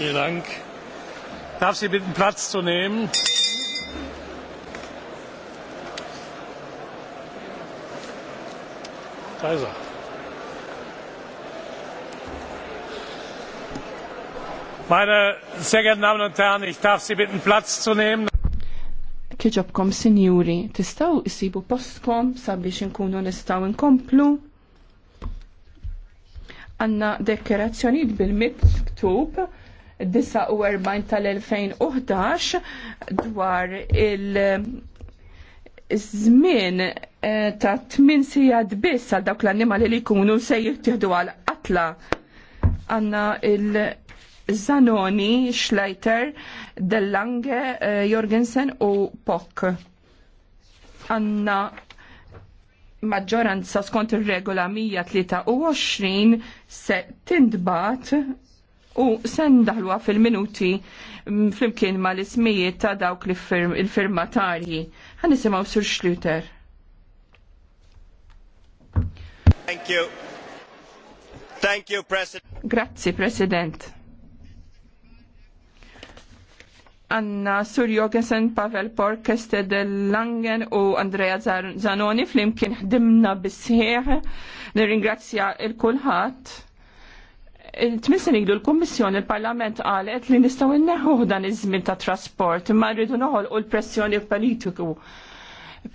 Vielen Dank. darf Sie bitten, Platz zu nehmen. Da ist er. Meine sehr geehrten Damen und Herren, ich darf Sie bitten, Platz zu nehmen. Kieġobkom signori, tistaw isibu postkom sabiex inkunu nistaw nkomplu. għanna dekkerazzjoni bil ktub. 49 tal-2011 dwar il- żmien eh, ta' 8 sijad biss għal dawk l-annimali li jkunu se jittieħdu għal qatla għanna il-Zanoni, Schleiter, Dellange, eh, Jorgensen u Pock. Għanna maġġoranza skont ir-regola 123 se tindbat u sendaħluha fil-minuti mm, flimkien ma l-ismijiet ta' dawk li il-firmatarji. Għan nisimaw Sur Schluter. Thank you. Thank you, President. Grazzi, President. Anna Sur Jogesen, Pavel Porkeste del Langen u Andrea Zanoni flimkien ħdimna bisħieħ. Nirringrazzja il-kulħat Tmissin ilu l-Kommissjoni l-Parlament għalet li nistaw n-neħu dan iż-żmien ta' trasport, ma rridu noħol u l-pressjoni politiku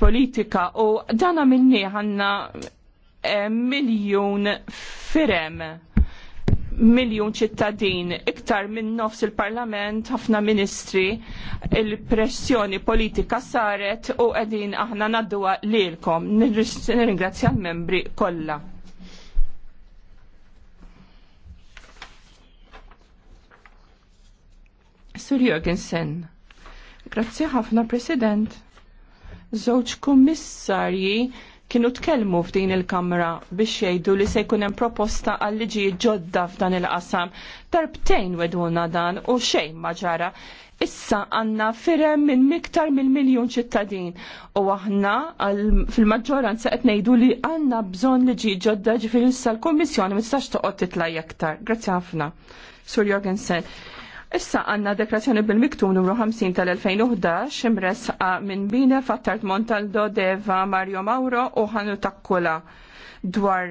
politika u dana minni għanna eh, miljon firem miljon ċittadin, iktar minn nofs il-parlament, ħafna ministri, il-pressjoni politika saret u għedin aħna naddu lilkom. Nirringrazzja l-membri kolla. Sur Jorgensen. Grazzi ħafna, President. Żewġ kummissarji kienu tkellmu f'din il-Kamra biex jgħidu li se jkun hemm proposta għal liġi ġodda f'dan il-qasam. Darbtejn weduna dan u xejn ma ġara. Issa għanna firem minn miktar minn miljun ċittadin u aħna fil-maġġoranza qed ngħidu li għandna bżonn liġi ġodda ġifieri issa l-Kummissjoni ma tistax toqgħod titla' aktar. Grazzi ħafna. Sur Jorgensen. Issa għanna deklarazzjoni bil miktum numru 50 tal-2011 imresqa minn Bine Fattart Montaldo Deva Mario Mauro u Ħanu Takkula dwar